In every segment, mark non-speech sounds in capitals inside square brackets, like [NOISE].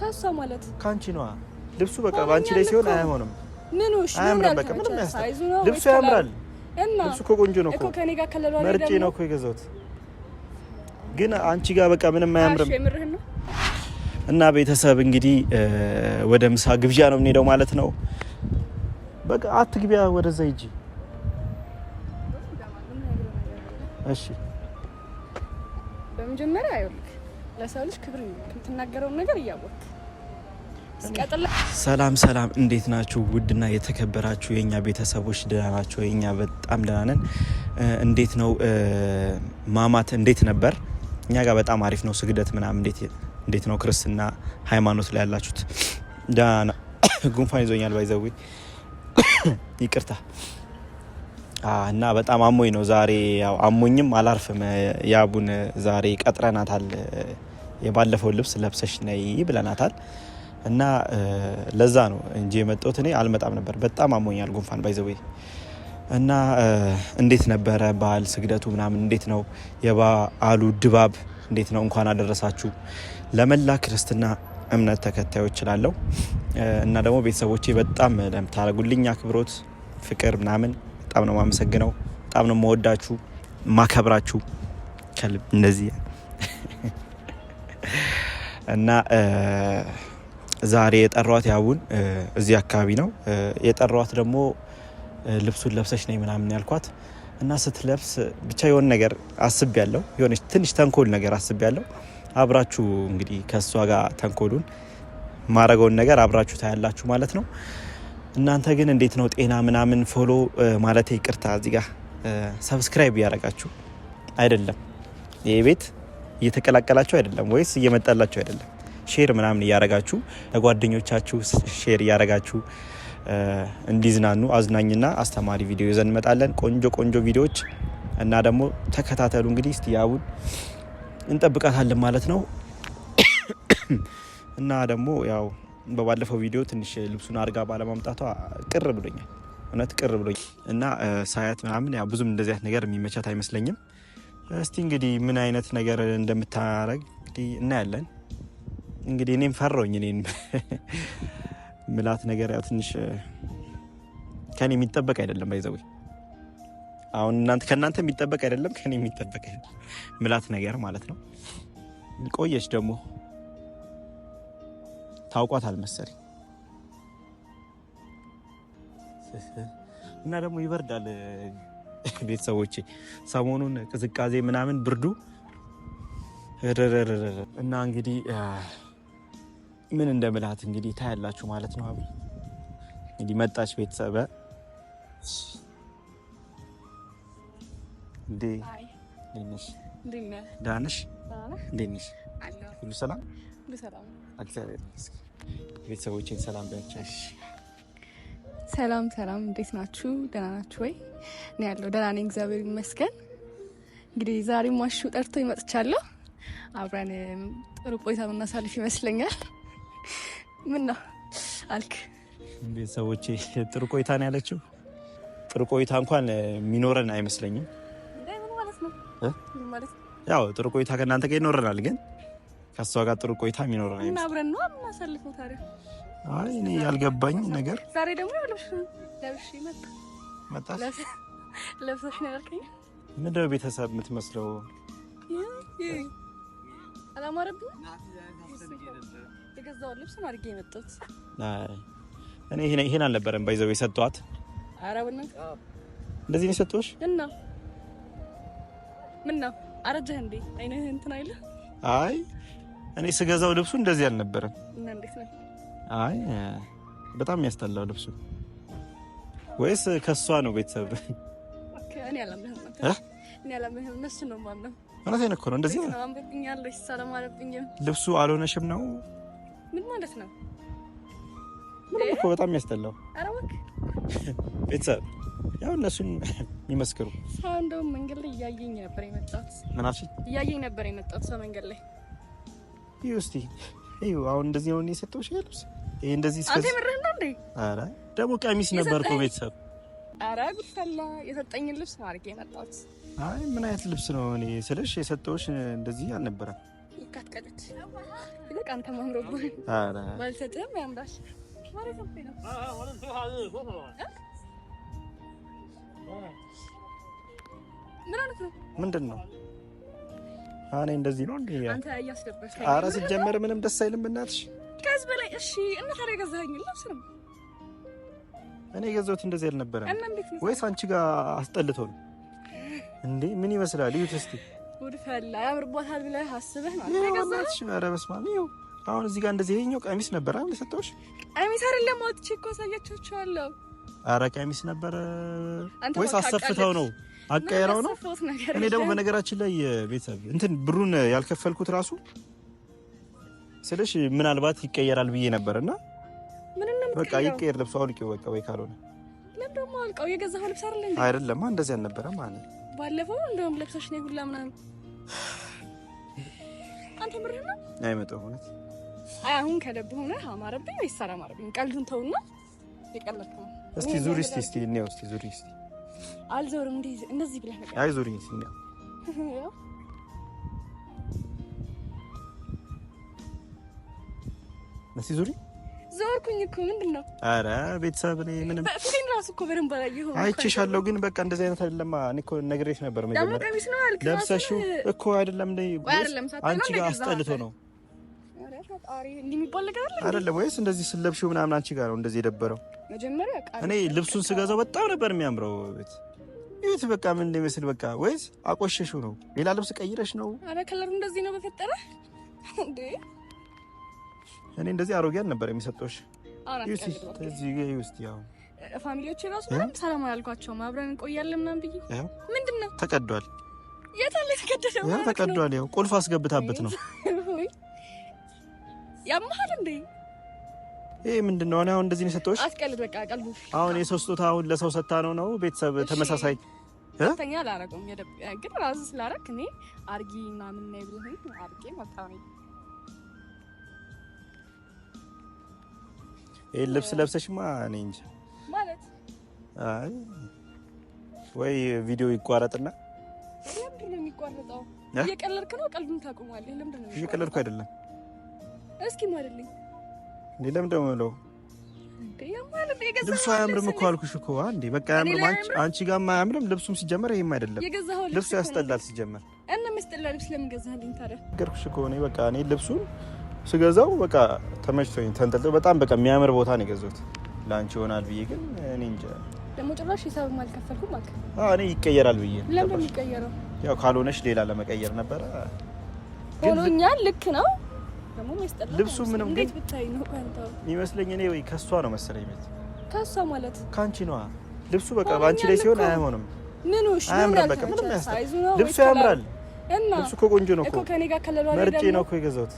ከሷ ማለት ከአንቺ ነዋ። ልብሱ በቃ በአንቺ ላይ ሲሆን አይሆንም። ምኑ አያምራል፣ በቃ ምንም አያስጠላም። ልብሱ ያምራል። እና ልብሱ እኮ ቆንጆ ነው እኮ መርጬ ነው እኮ የገዛሁት። ግን አንቺ ጋር በቃ ምንም አያምርም። እና ቤተሰብ እንግዲህ ወደ ምሳ ግብዣ ነው የምንሄደው ማለት ነው። በቃ አትግቢያ ወደዛ ሂጂ። እሺ በመጀመሪያ አይወልም ለሰው ልጅ ክብር የምትናገረውን ነገር እያወቅ ሰላም ሰላም፣ እንዴት ናችሁ? ውድና የተከበራችሁ የእኛ ቤተሰቦች ደህና ናቸው? የእኛ በጣም ደህና ነን። እንዴት ነው ማማት? እንዴት ነበር? እኛ ጋር በጣም አሪፍ ነው። ስግደት ምናምን እንዴት ነው? ክርስትና ሃይማኖት ላይ ያላችሁት ደህና? [COUGHS] ጉንፋን ይዞኛል ባይዘዊ [COUGHS] ይቅርታ እና በጣም አሞኝ ነው ዛሬ ያው አሞኝም አላርፍም። ያቡን ዛሬ ቀጥረናታል የባለፈው ልብስ ለብሰሽ ነይ ብለናታል። እና ለዛ ነው እንጂ የመጣሁት እኔ አልመጣም ነበር። በጣም አሞኛል ጉንፋን ባይዘዌ። እና እንዴት ነበረ በዓል ስግደቱ ምናምን እንዴት ነው የበዓሉ ድባብ እንዴት ነው? እንኳን አደረሳችሁ ለመላ ክርስትና እምነት ተከታዮች እችላለሁ እና ደግሞ ቤተሰቦቼ በጣም ለምታደርጉልኝ አክብሮት፣ ፍቅር ምናምን በጣም ነው የማመሰግነው። በጣም ነው የምወዳችሁ ማከብራችሁ ከልብ እነዚህ [LAUGHS] እና ዛሬ የጠሯት ያቡን እዚህ አካባቢ ነው የጠሯት። ደግሞ ልብሱን ለብሰች ነኝ ምናምን ያልኳት እና ስትለብስ ብቻ የሆን ነገር አስብ ያለው የሆነች ትንሽ ተንኮል ነገር አስብ ያለው። አብራችሁ እንግዲህ ከእሷ ጋር ተንኮሉን ማረገውን ነገር አብራችሁ ታያላችሁ ማለት ነው። እናንተ ግን እንዴት ነው ጤና ምናምን ፎሎ ማለት ይቅርታ፣ እዚህ ጋር ሰብስክራይብ እያደረጋችሁ አይደለም ይህ ቤት እየተቀላቀላቸው አይደለም ወይስ እየመጣላቸው አይደለም። ሼር ምናምን እያረጋችሁ ለጓደኞቻችሁ ሼር እያረጋችሁ እንዲዝናኑ አዝናኝና አስተማሪ ቪዲዮ ይዘን እንመጣለን። ቆንጆ ቆንጆ ቪዲዮዎች እና ደግሞ ተከታተሉ። እንግዲህ እስቲ ያቡን እንጠብቃታለን ማለት ነው [COUGHS] እና ደግሞ ያው በባለፈው ቪዲዮ ትንሽ ልብሱን አድርጋ ባለማምጣቷ ቅር ብሎኛል። እውነት ቅር ብሎኛል እና ሳያት ምናምን ያው ብዙም እንደዚህ ነገር የሚመቻት አይመስለኝም። እስቲ እንግዲህ ምን አይነት ነገር እንደምታረግ እናያለን። እንግዲህ እኔም ፈራሁኝ። እኔን [LAUGHS] ምላት ነገር ትንሽ ከኔ የሚጠበቅ አይደለም። ባይዘዌ አሁን እናንተ ከእናንተ የሚጠበቅ አይደለም፣ ከኔ የሚጠበቅ ምላት ነገር ማለት ነው። ቆየች ደግሞ ታውቋት አልመሰለኝ [LAUGHS] እና ደግሞ ይበርዳል [LAUGHS] ቤተሰቦቼ ሰሞኑን ቅዝቃዜ ምናምን ብርዱ እና እንግዲህ ምን እንደምልሃት እንግዲህ ታያላችሁ ማለት ነው። አብ እንግዲህ መጣች ቤተሰበ ዳንሽ ሁሉ ሰላም ቤተሰቦቼን ሰላም ቢያቸው ሰላም ሰላም፣ እንዴት ናችሁ? ደህና ናችሁ ወይ? እኔ ያለው ደህና ነኝ፣ እግዚአብሔር ይመስገን። እንግዲህ ዛሬ ማሹ ጠርቶ ይመጥቻለሁ። አብረን ጥሩ ቆይታ የምናሳልፍ ይመስለኛል። ምን ነው አልክ? ቤተሰቦቼ ጥሩ ቆይታ ነው ያለችው። ጥሩ ቆይታ እንኳን የሚኖረን አይመስለኝም። ያው ጥሩ ቆይታ ከእናንተ ጋር ይኖረናል፣ ግን ከእሷ ጋር ጥሩ ቆይታ የሚኖረን አይመስለኝም። አብረን ነው የምናሳልፈው ታዲያ አይ እኔ ያልገባኝ ነገር ዛሬ ደግሞ ለብሽ መጣ መጣ ለብሰሽ ነው ያልከኝ። ምንድን ቤተሰብ የምትመስለው? አላማረብኝም። የገዛሁት ልብስ አድርጌ የመጣሁት እኔ ይሄን አልነበረም። ባይዘው የሰጠኋት እንደዚህ ነው የሰጠሁሽ። እና ምን ነው አረጀህ እንዴ? አይነህ እንትን አይልህ። አይ እኔ ስገዛው ልብሱ እንደዚህ አልነበረም። እና እንዴት ነው አይ በጣም ያስጠላው ልብሱ ወይስ ከሷ ነው? ቤተሰብ እኔ እውነቴን እኮ ነው። እንደዚህ ልብሱ አልሆነሽም ነው። ምን ማለት ነው? ምንም እኮ በጣም ያስጠላው ቤተሰብ ያው እነሱን ይመስክሩ። ሰው እንደውም መንገድ ላይ እያየኝ ነበር የመጣሁት። ምን አልሽኝ? እያየኝ ነበር የመጣሁት ሰው መንገድ ላይ ይኸው። እስኪ ይኸው አሁን እንደዚህ ነው የሰጠሁሽ ልብስ ይሄ እንደዚህ አንተ ነው እንዴ? አረ ደግሞ ቀሚስ ነበር እኮ ቤተሰብ። አረ ጉፈላ የሰጠኝን ልብስ ነው አድርጌ የመጣሁት። አይ ምን አይነት ልብስ ነው? እኔ ስልሽ የሰጠሁሽ እንደዚህ አልነበረም። ይካትቀለች ይልቅ አንተ ማምሮብ። አረ ባልሰጥህም ያምራል። ምንድን ነው እኔ እንደዚህ ነው እንዴ? አንተ እያስደበርከኝ። አረ ሲጀመር ምንም ደስ አይልም እናትሽ ከዚህ በላይ እሺ። እና ታዲያ ገዛኸኝ ልብስ ነው? እኔ የገዛሁት እንደዚህ አልነበረም። ወይስ አንቺ ጋር ነው እንዴ? ምን ይመስላል? ይሁት እስቲ ፈላ። ያምርቦታል ብለህ አስበህ ማለት ነው ኧረ በስመ አብ! ይኸው አሁን እዚህ ጋር እንደዚህ ይሄኛው ቀሚስ ነበር አይደል? ሰጠሁሽ። ቀሚስ አይደለም እኮ አሳያችኋለሁ። ቀሚስ ነበር ወይስ ነው አቀየረው ነው? እኔ ደግሞ በነገራችን ላይ ቤተሰብ እንትን ብሩን ያልከፈልኩት ራሱ ስለሽ ምናልባት ይቀየራል ብዬ ነበር እና በቃ ይቀየር ልብሱ አውልቂው በቃ ወይ ካልሆነ ለም ደግሞ አልቀው የገዛኸው ልብስ አይደለ እንዴ? አይደለም እንደዚህ አልነበረ ማለት ነው። ባለፈው እንደውም ለብሰሽ ነው ሁላ ምናምን አንተ ምርህ ነው አይመጣው ማለት አይ አሁን ከለብ ሆነ አማረብኝ ወይስ አላማረብኝ? ቀልዱን ተውና የቀለድኩ ነው። እስቲ ዙሪ እስቲ እስቲ እንየው እስቲ ዙሪ እስቲ አልዞርም እንደዚህ ብለህ ነገር አይ ዙሪ እስቲ እንየው ነሲ ዙሪ ዞርኩኝ እኮ ምንድን ነው? ኧረ ቤተሰብ እኔ ምንም ፊቴን ራሱ እኮ በደንብ አላየኸውም አይቼሻለሁ። ግን በቃ እንደዚህ አይነት አይደለማ። እኔ እኮ ነግሬሽ ነበር መጀመሪያ ለብሰሽው እኮ አይደለም እንደ አንቺ ጋር አስጠልቶ ነው አይደለም ወይስ እንደዚህ ስለብሽው ምናምን አንቺ ጋር ነው እንደዚህ የደበረው። እኔ ልብሱን ስገዛው በጣም ነበር የሚያምረው ቤት ይሁት በቃ ምን እንደሚመስል በቃ ወይስ አቆሸሽው ነው? ሌላ ልብስ ቀይረሽ ነው? አረ ከለሩ እንደዚህ ነው በፈጠረ እንዴ እኔ እንደዚህ አሮጌ አልነበረ የሚሰጠሽ። ፋሚሊዎች ራሱ ምንም ሰላም አላልኳቸውም። አብረን እንቆያለን ምናምን ብዬ ምንድን ነው ተቀዷል። የት አለ የተቀደደው? ተቀዷል። ያው ቁልፍ አስገብታበት ነው። ያመሃል እንዴ? ይሄ ምንድን ነው? አሁን እንደዚህ ነው የሰጠሁሽ። አትቀልድ በቃ ቀልቡ። አሁን የሰው ስጦታ አሁን ለሰው ሰታ ነው ነው ቤተሰብ ተመሳሳይ ተኛ አላረገውም። ግን ራሱ ስላረክ እኔ አርጊ ምናምን ነይ ብሎኝ አርጌ መጣሁ። ይሄን ልብስ ለብሰሽማ እኔ እንጂ ማለት አይ ወይ ቪዲዮ ይቋረጥና ለምንድን ነው የሚቋረጠው? እየቀለድክ ነው። ቀልዱን ታቆማለህ። ለምንድን ነው? እየቀለድኩ አይደለም። እስኪ ማለልኝ እንዴ ለምን ነው ነው ልብሱ አያምርም እኮ አልኩሽ እኮ አንዴ በቃ አያምርም። አንቺ ጋር አያምርም ልብሱም ሲጀመር፣ ይሄም አይደለም ልብሱ ያስጠላል ሲጀመር። እና መስጠላ ልብስ ለምን ገዛህልኝ ታዲያ? ነገርኩሽ እኮ እኔ በቃ እኔ ልብሱን ስገዛው በቃ ተመችቶኝ ተንጠልጥሎ በጣም በቃ የሚያምር ቦታ ነው የገዛሁት። ለአንቺ ይሆናል ብዬ ግን እኔ እንጃ። ደግሞ ጭራሽ ሂሳብም አልከፈልኩም አልክ? እኔ ይቀየራል ብዬ። ለምን ይቀየራል? ያው ካልሆነሽ ሌላ ለመቀየር ነበረ። ሆኖኛል። ልክ ነው። ልብሱ ምንም ግን ብታይ የሚመስለኝ እኔ ወይ ከሷ ነው መሰለኝ ቤት ከሷ ማለት ከአንቺ ነዋ። ልብሱ በቃ በአንቺ ላይ ሲሆን አይሆንም። ምኑ እሺ በቃ ምንም ያስጠላ ልብሱ ያምራል። ልብሱ እኮ ቆንጆ ነው እኮ። መርጬ ነው እኮ የገዛሁት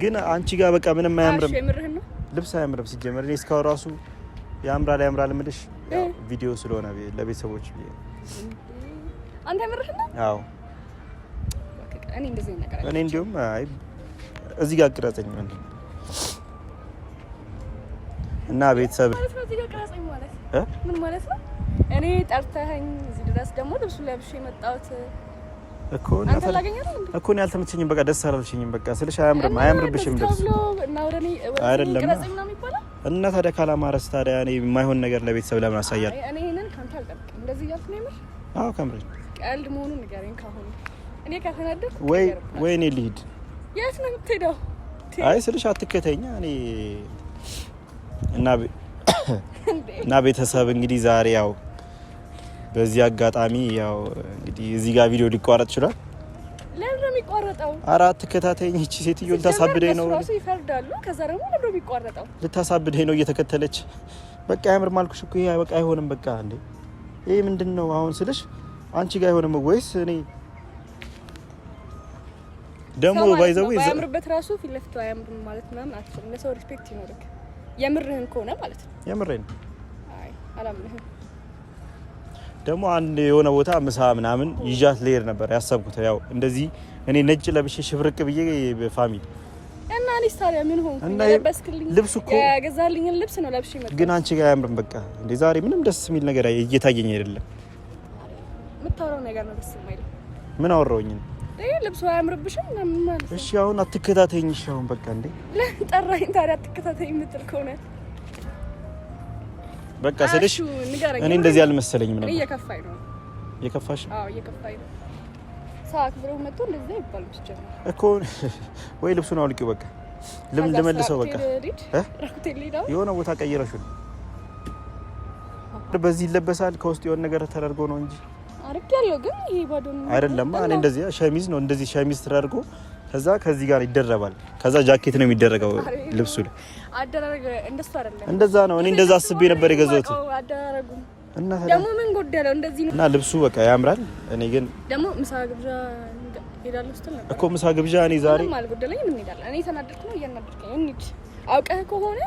ግን አንቺ ጋር በቃ ምንም አያምርም፣ ልብስ አያምርም። ሲጀመር እኔ እስካሁን ራሱ ያምራል ያምራል ምልሽ ቪዲዮ ስለሆነ ለቤተሰቦች አንተ ምርህ እኔ እንዲሁም እዚህ ጋር ቅረጸኝ እና ቤተሰብ ምን ማለት ነው? እኔ ጠርተኸኝ እዚህ ድረስ ደግሞ ልብሱ ለብሼ የመጣሁት እኮ እኔ አልተመቸኝም። በቃ ደስ አላልሽኝም። በቃ ስልሽ አያምርም፣ አያምርብሽም ደስ አይደለም እና ታዲያ ካላማረስ ታዲያ እኔ የማይሆን ነገር ለቤተሰብ ለምን አሳያል? አዎ ከምር ቀልድ መሆኑን ንገረኝ። ካሁን እኔ ከተናደድኩ ወይ ወይ እኔ ልሂድ። የት ነው የምትሄደው? አይ ስልሽ አትከተኛ እኔ እና ቤተሰብ እንግዲህ ዛሬ ያው በዚህ አጋጣሚ ያው እንግዲህ እዚህ ጋር ቪዲዮ ሊቋረጥ ይችላል። ለምን ነው የሚቋረጠው? አራት ተከታታይ እቺ ሴትዮ ልታሳብደኝ ነው። ራሱ ይፈርዳሉ። ከዛ ደግሞ ለምን ነው የሚቋረጠው? ልታሳብደኝ ነው እየተከተለች። በቃ ያምር ማልኩሽ እኮ ይሄ በቃ አይሆንም። በቃ እንዴ ይሄ ምንድን ነው አሁን ስልሽ አንቺ ጋር አይሆንም ወይስ እኔ ደግሞ ባይዘው ይዘ ያምርበት ራሱ ፊት ለፊቱ አያምርም ማለት ምናምን አትችልም። ለሰው ሪስፔክት ይኖርክ የምርህን ከሆነ ማለት ነው። የምሬን አይ አላምንህም ደግሞ አንድ የሆነ ቦታ ምሳ ምናምን ይዣት ልሄድ ነበር ያሰብኩት። ያው እንደዚህ እኔ ነጭ ለብሼ ሽብርቅ ብዬ በፋሚሊ እና እኔስ ታዲያ ምን ሆንኩ? ለበስክልኝ ልብስ እኮ ያገዛልኝን ልብስ ነው ለብሼ መጣሁ። ግን አንቺ ጋር አያምርም። በቃ እንዴ ዛሬ ምንም ደስ የሚል ነገር እየታየኝ አይደለም። የምታወራው ነገር ነው ደስ የማይል። ምን አወራሁኝ? ልብሱ አያምርብሽም ምናምን ማለት። እሺ አሁን አትከታተይኝ። እሺ አሁን በቃ እንዴ ለጠራኝ ታዲያ አትከታተኝ የምትል ከሆነ በቃ ስልሽ እኔ እንደዚህ አልመሰለኝም ነበር። እየከፋኝ ነው። እየከፋሽ? አዎ እየከፋኝ ነው። ሰዓት ብለው መጥቶ እንደዚህ አይባልም እኮ [LAUGHS] ወይ ልብሱን አውልቂው በቃ ልመልሰው በቃ የሆነ ቦታ ቀይረሽው በዚህ ይለበሳል። ከውስጥ የሆነ ነገር ተደርጎ ነው እንጂ አርግ ያለው ግን ይሄ ባዶ አይደለም። እኔ እንደዚህ ሸሚዝ ነው እንደዚህ ሸሚዝ ተደርጎ ከዛ ከዚህ ጋር ይደረባል። ከዛ ጃኬት ነው የሚደረገው ልብሱ ላይ አደረገ። እንደሱ አይደለም እንደዛ ነው። እኔ እንደዛ አስቤ ነበር የገዛሁት። እና ደግሞ ምን ጎደለው እንደዚህ እና ልብሱ በቃ ያምራል። እኔ ግን ደግሞ ምሳ ግብዣ ሄዳለሁ ስትል ነበር እኮ ምሳ ግብዣ። እኔ ዛሬ አልጎደለኝም። እንሄዳለን። እኔ ተናደድኩ ነው እያናደድከኝ። እንሂድ አውቀህ ከሆነ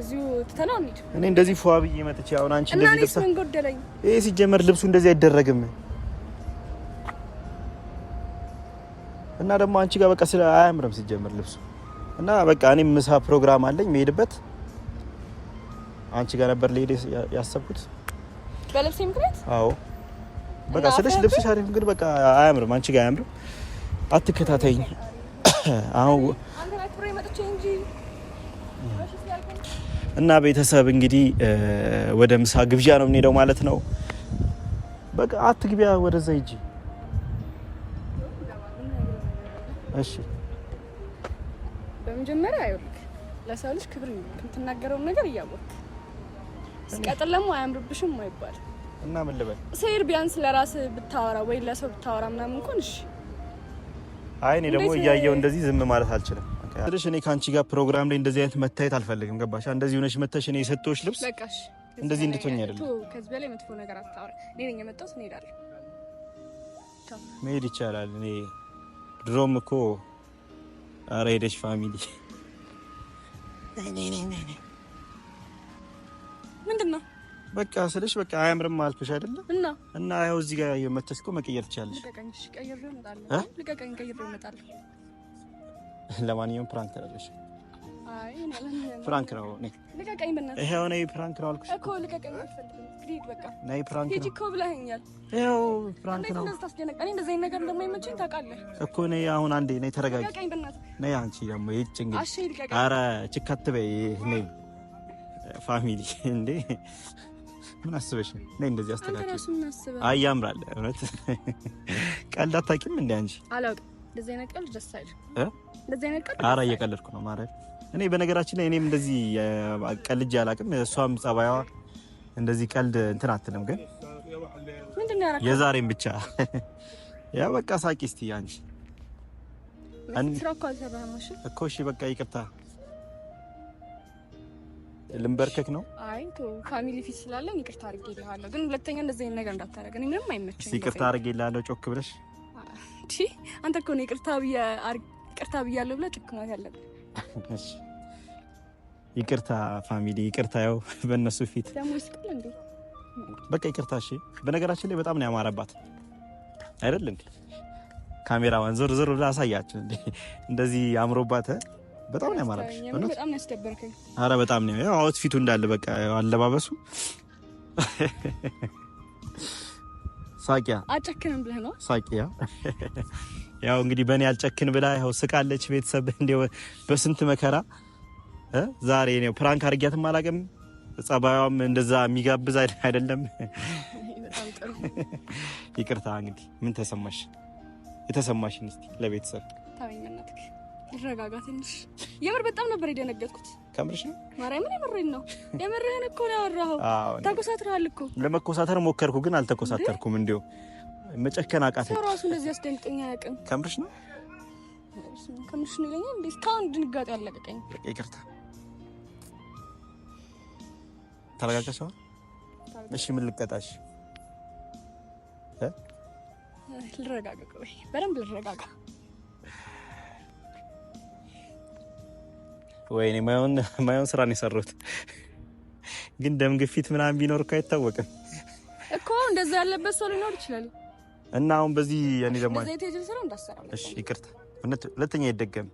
እዚሁ ትተነው እንሂድ። እኔ እንደዚህ ፏ ብዬ መጥቼ አሁን አንቺ እንደዚህ ልብስ ምን ጎደለኝ? ይሄ ሲጀመር ልብሱ እንደዚህ አይደረግም። እና ደግሞ አንቺ ጋር በቃ ስለ አያምርም ሲጀምር ልብሱ እና በቃ እኔ ምሳ ፕሮግራም አለኝ መሄድበት አንቺ ጋር ነበር ልሄድ ያሰብኩት በልብሴ ምክንያት። አዎ በቃ ስለሽ ልብስሽ አሪፍ ግን በቃ አያምርም፣ አንቺ ጋር አያምርም። አትከታተኝ አሁን እና ቤተሰብ እንግዲህ ወደ ምሳ ግብዣ ነው የምንሄደው ማለት ነው። በቃ አትግቢያ ወደዛ ሂጂ እሺ በመጀመሪያ አይወልክ ለሰው ልጅ ክብር ነው የምትናገረውን ነገር እያወቅክ ሲቀጥል ደግሞ አያምርብሽም አይባል እና ምን ልበል ሰይር ቢያንስ ለራስ ብታወራ ወይ ለሰው ብታወራ ምናምን እንኳን እሺ አይ እኔ ደግሞ እያየሁ እንደዚህ ዝም ማለት አልችልም ትንሽ እኔ ከአንቺ ጋር ፕሮግራም ላይ እንደዚህ አይነት መታየት አልፈልግም ገባሽ እንደዚህ ሆነሽ መተሽ እኔ የሰጠሁሽ ልብስ በቃሽ እንደዚህ እንድትሆኝ አይደለም ከዚህ በላይ መጥፎ ነገር አታወራ እኔ ነኝ የመጣሁት እኔ እሄዳለሁ መሄድ ይቻላል እኔ ድሮም እኮ አረ ሄደሽ ፋሚሊ ምንድን ነው በቃ ስልሽ በቃ አያምርም አልኩሽ አይደለ? እና እና ያው እዚህ ጋር የመተሽ እኮ መቀየር ትችያለሽ። ለማንኛውም ፕራንክ ተደረሽ ፍራንክ ነው። ልቀቀኝ በእናትህ። ይኸው ነይ ፍራንክ ነው አልኩሽ እኮ ልቀቀኝ። አትፈልግም ሂድ፣ በቃ ነይ ፍራንክ ነው። ሂጂ እኮ ብለኸኛል። ይኸው ፕራንክ ነው። እንደዚህ ታስደነቀኝ። እኔ እንደዚህ ነገር እንደማይመቸኝ ታውቃለህ እኮ። ነይ አሁን አንዴ ነይ፣ ተረጋጊ። ልቀቀኝ በእናትህ። ነይ አንቺ ደግሞ ይህች እንግዲህ። ኧረ ችካት በይ። ነይ ፋሚሊ እንዴ ምን አስበሽ ነው? ነይ እንደዚህ አስተካክል። አይ ያምራል። እውነት ቀልድ አታውቂም እንዴ አንቺ? አላውቅም። እንደዚህ አይነት ቀልድ ደስ አይልም። እንደዚህ አይነት ቀልድ ኧረ እየቀለድኩ ነው ማርያም እኔ በነገራችን ላይ እኔም እንደዚህ ቀልጅ አላውቅም። እሷም ጸባይዋ እንደዚህ ቀልድ እንትን አትልም። ግን የዛሬም ብቻ [LAUGHS] ያ በቃ ሳቂ እስቲ አንቺ እኮ እሺ፣ በቃ ይቅርታ ልንበርከክ ነው። አይ ፋሚሊ ፊት ስላለን ይቅርታ አድርጌልሃለሁ። ግን ሁለተኛ እንደዚህ አይነት ነገር እንዳታደርግ። ምንም አይመቸኝም። ይቅርታ አድርጌልሃለሁ። ጮክ ብለሽ አንተ እኮ ነው ይቅርታ ብያለሁ ብለህ ጮክ ማለት ያለብህ። ይቅርታ ፋሚሊ፣ ይቅርታ ያው [LAUGHS] በእነሱ ፊት በቃ ይቅርታ። እሺ፣ በነገራችን ላይ በጣም ነው ያማረባት አይደል እንዴ? ካሜራዋን ዞር ዞር ብላ አሳያችሁ እንዴ? [LAUGHS] እንደዚህ አምሮባት በጣም ነው ያማረብሽ። በጣም ነው ያስደበርከኝ። አረ በጣም ነው ያው አውትፊቱ እንዳለ በቃ አለባበሱ [LAUGHS] ሳቂያ አጨክንም ብለህ ነው ሳቂያ። ያው እንግዲህ በእኔ አልጨክን ብላ ያው ስቃለች። ቤተሰብ እንደው በስንት መከራ ዛሬ ነው ፕራንክ አድርጊያት አላውቅም። ጸባዩም እንደዛ የሚጋብዝ አይደለም። [LAUGHS] ይቅርታ እንግዲህ ምን ተሰማሽ? የተሰማሽን እስኪ ለቤተሰብ ታበኛናትክ ትንሽ። የምር በጣም ነበር የደነገጥኩት። ከምርሽ ነው? ማርያምን የምሬን ነው። የምርህን እኮ ነው ያወራኸው። ተኮሳትረሃል እኮ። ለመኮሳተር ሞከርኩ ግን አልተኮሳተርኩም። እንዲሁ መጨከን አቃተኝ። ራሱ እንደዚህ አስደንቅኝ ያቅም። ከምርሽ ነው? ከምርሽ ነው ይለኛል። እንዴት ካሁን ድንጋጤ አለቀቀኝ። ይቅርታ ተረጋግተሻል? እሺ ምን ልቀጣሽ? ልረጋጋ፣ ቆይ በደንብ ልረጋጋ። ወይኔ ማየውን ማየውን ስራ ነው የሰሩት። ግን ደም ግፊት ምናምን ቢኖር እኮ አይታወቅም እኮ እንደዛ ያለበት ሰው ሊኖር ይችላል። እና አሁን በዚህ እኔ ደግሞ እሺ ይቅርታ፣ ሁለተኛ ይደገም።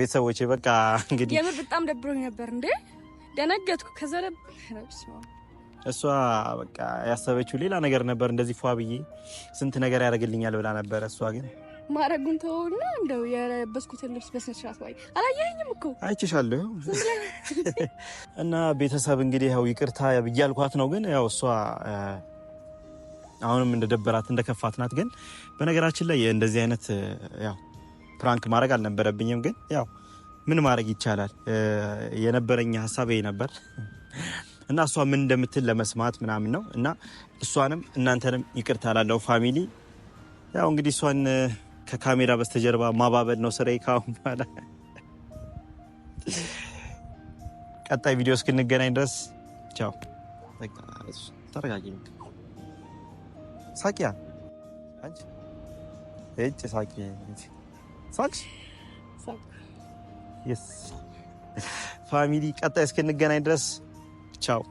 ቤተሰቦቼ በቃ እንግዲህ የምር በጣም ደብሮኝ ነበር እንዴ ደነገጥኩ። ከዛ እሷ በቃ ያሰበችው ሌላ ነገር ነበር። እንደዚህ ፏ ብዬ ስንት ነገር ያደርግልኛል ብላ ነበር። እሷ ግን ማረጉን ተውና እንደው የለበስኩትን ልብስ በስነ ስርዓት ወይ አላየኸኝም እኮ አይችሻለሁ። [LAUGHS] እና ቤተሰብ እንግዲህ ያው ይቅርታ ብያልኳት ነው። ግን ያው እሷ አሁንም እንደደበራት እንደከፋት ናት። ግን በነገራችን ላይ እንደዚህ አይነት ያው ፕራንክ ማድረግ አልነበረብኝም። ግን ያው ምን ማድረግ ይቻላል? የነበረኝ ሀሳብ ይሄ ነበር እና እሷ ምን እንደምትል ለመስማት ምናምን ነው እና እሷንም እናንተንም ይቅርታ ላለው ፋሚሊ ያው እንግዲህ እሷን ከካሜራ በስተጀርባ ማባበል ነው ስራዬ ካሁን በኋላ። ቀጣይ ቪዲዮ እስክንገናኝ ድረስ ቻው። ተረጋጊ ሳቂያ ሳቂ ፋሚሊ ቀጣይ እስክንገናኝ ድረስ ቻው።